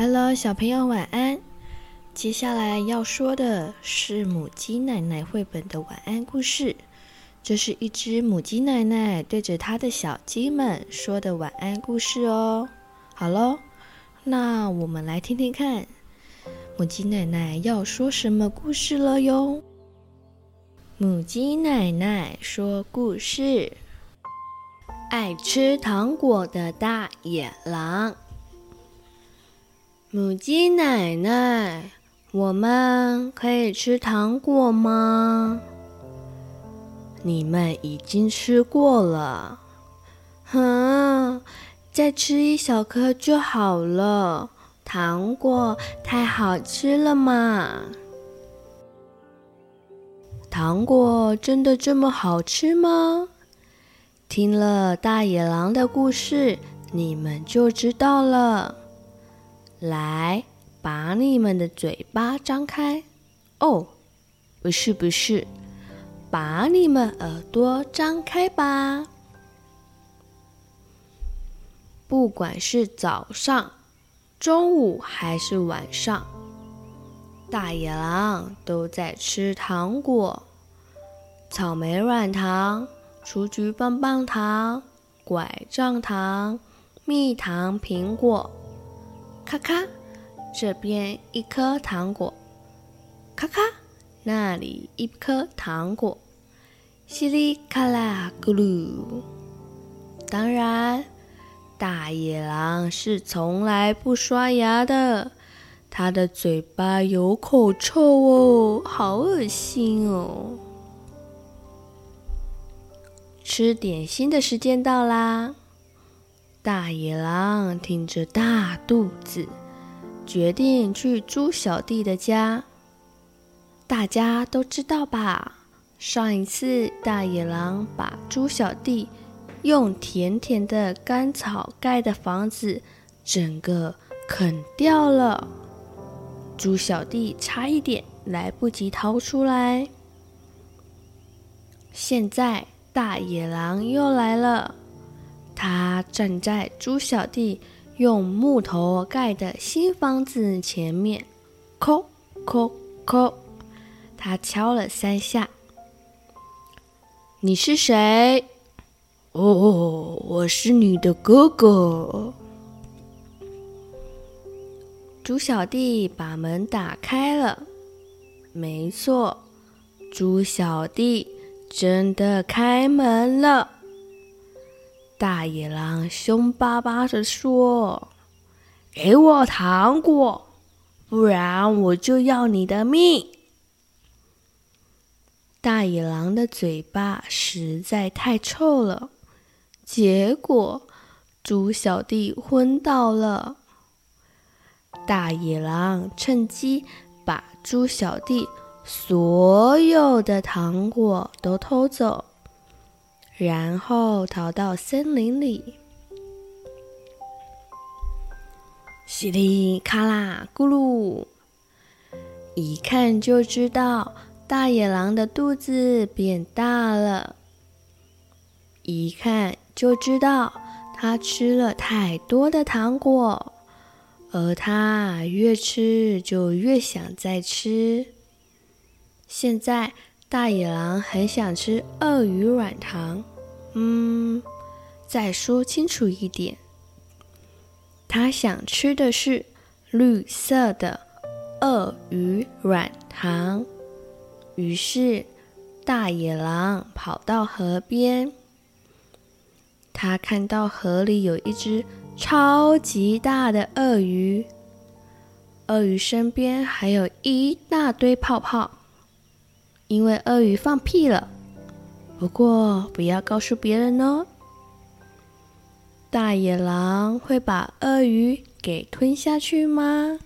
Hello，小朋友晚安。接下來要說的是《母雞奶奶》繪本的晚安故事。這是一隻母雞奶奶對着它的小雞們說的晚安故事哦。好嘍，那我們來聽聽看，母雞奶奶要說什麼故事了喲。母雞奶奶說故事：愛吃糖果的大野狼。母雞奶奶，我們可以吃糖果嗎？你們已經吃過了，哼、啊！再吃一小顆就好了。糖果太好吃了嘛。糖果真的這麼好吃嗎？聽了大野狼的故事，你們就知道了。來，把你們的嘴巴張開，哦，不是不是，把你們耳朵張開吧。不管是早上、中午還是晚上，大野狼都在吃糖果：草莓軟糖、雛菊棒棒糖、拐杖糖、蜜糖、蘋果。咔咔，這邊一顆糖果，咔咔，那裡一顆糖果，唏里卡啦咕嚕。當然，大野狼是從來不刷牙的，他的嘴巴有口臭哦，好惡心哦。吃點心的時間到啦。大野狼挺着大肚子，決定去豬小弟的家。大家都知道吧？上一次大野狼把豬小弟用甜甜的甘草蓋的房子整個啃掉了，豬小弟差一點來不及逃出來。現在大野狼又來了。他站在豬小弟用木頭蓋的新房子前面，叩叩叩，他敲了三下。你是誰？哦，我是你的哥哥。豬小弟把門打開了。沒錯，豬小弟真的開門了。大野狼兇巴巴的說：“給我糖果，不然我就要你的命！”大野狼的嘴巴實在太臭了，結果豬小弟昏倒了。大野狼趁機把豬小弟所有的糖果都偷走。然後逃到森林裡，唏哩咔啦咕嚕，一看就知道大野狼的肚子變大了。一看就知道他吃了太多的糖果，而他越吃就越想再吃。現在大野狼很想吃鱷魚軟糖。嗯，再說清楚一點，他想吃的是綠色的鱷魚軟糖。於是，大野狼跑到河邊，他看到河裡有一隻超級大的鱷魚，鱷魚身邊還有一大堆泡泡，因為鱷魚放屁了。不過，不要告訴別人哦。大野狼會把鱷魚給吞下去嗎？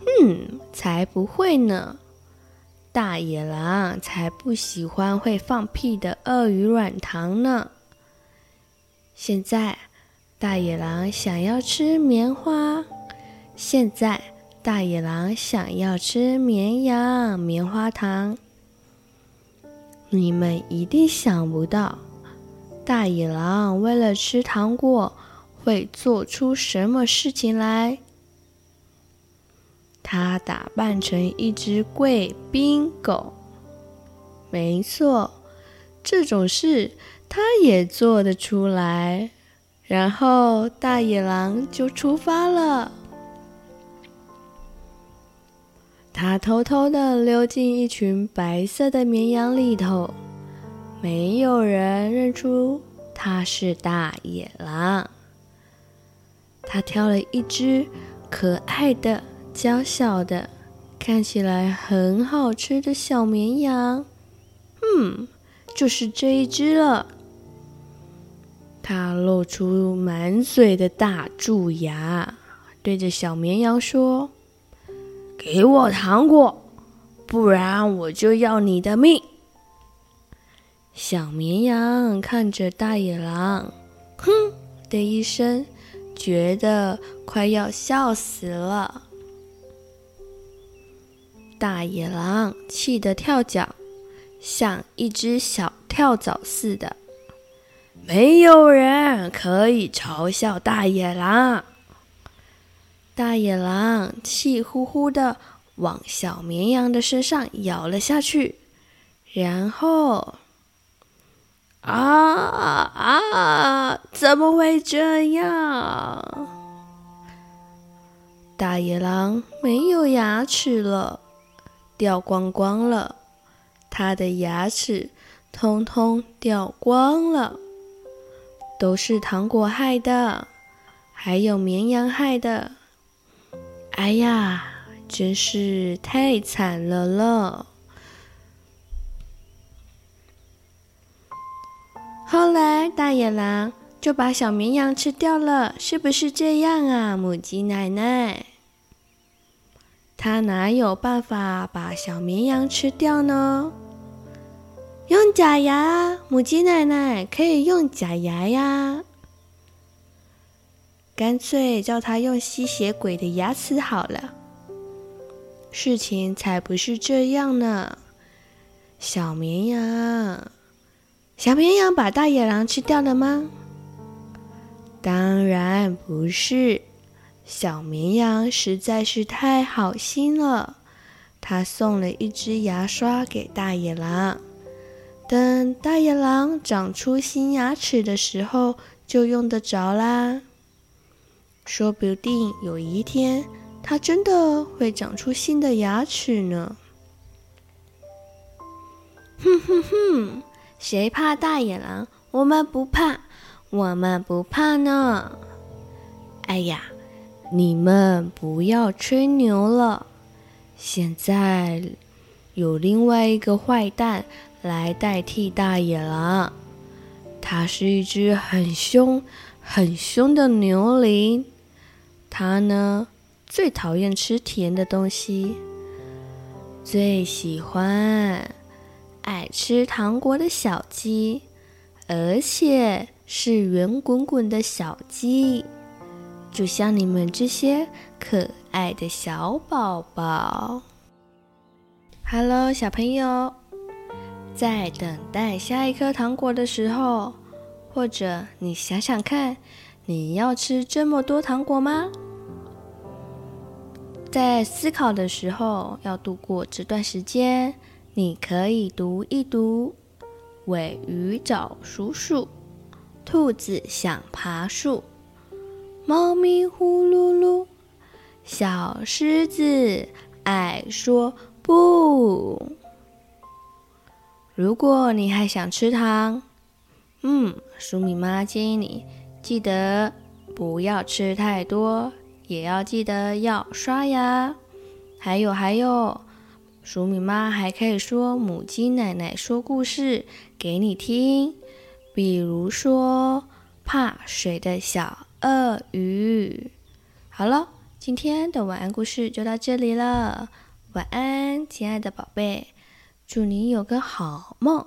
哼、嗯，才不會呢！大野狼才不喜歡會放屁的鱷魚軟糖呢。現在，大野狼想要吃棉花。現在，大野狼想要吃綿羊棉花糖。你們一定想不到，大野狼為了吃糖果會做出什麼事情來。他打扮成一隻貴賓狗，沒錯，這種事他也做得出來。然後，大野狼就出發了。他偷偷地溜進一群白色的綿羊裡頭，沒有人認出他是大野狼。他挑了一隻可愛的、嬌小的、看起來很好吃的小綿羊。嗯，就是這一隻了。他露出滿嘴的大蛀牙，對着小綿羊說。給我糖果，不然我就要你的命！小綿羊看着大野狼，哼的一聲，覺得快要笑死了。大野狼氣得跳腳，像一隻小跳蚤似的。沒有人可以嘲笑大野狼。大野狼氣呼呼地往小綿羊的身上咬了下去，然後，啊啊！怎麼會這樣？大野狼沒有牙齒了，掉光光了，它的牙齒通通掉光了，都是糖果害的，還有綿羊害的。哎呀，真是太慘了了！後來大野狼就把小綿羊吃掉了，是不是這樣啊，母雞奶奶？它哪有辦法把小綿羊吃掉呢？用假牙，母雞奶奶可以用假牙呀。乾脆叫他用吸血鬼的牙齒好了。事情才不是這樣呢，小綿羊，小綿羊把大野狼吃掉了嗎？當然不是。小綿羊實在是太好心了，他送了一只牙刷給大野狼。等大野狼長出新牙齒的時候，就用得着啦。說不定有一天，它真的會長出新的牙齒呢。哼哼哼，誰怕大野狼？我們不怕，我們不怕呢。哎呀，你們不要吹牛了。現在有另外一個壞蛋來代替大野狼，它是一隻很凶、很凶的牛羚。他呢，最討厭吃甜的東西，最喜歡愛吃糖果的小雞，而且是圓滾滾的小雞，就像你們這些可愛的小寶寶。Hello，小朋友，在等待下一顆糖果的時候，或者你想想看，你要吃這麼多糖果嗎？在思考的時候，要度過這段時間，你可以讀一讀《尾魚找鼠鼠》《兔子想爬樹》《貓咪呼嚕嚕》《小獅子愛說不》。如果你還想吃糖，嗯，黍米媽建議你記得不要吃太多。也要記得要刷牙，還有還有，黍米媽還可以說母雞奶奶說故事給你聽，比如說怕水的小鱷魚。好了，今天的晚安故事就到這裡了，晚安，親愛的寶貝，祝你有個好夢。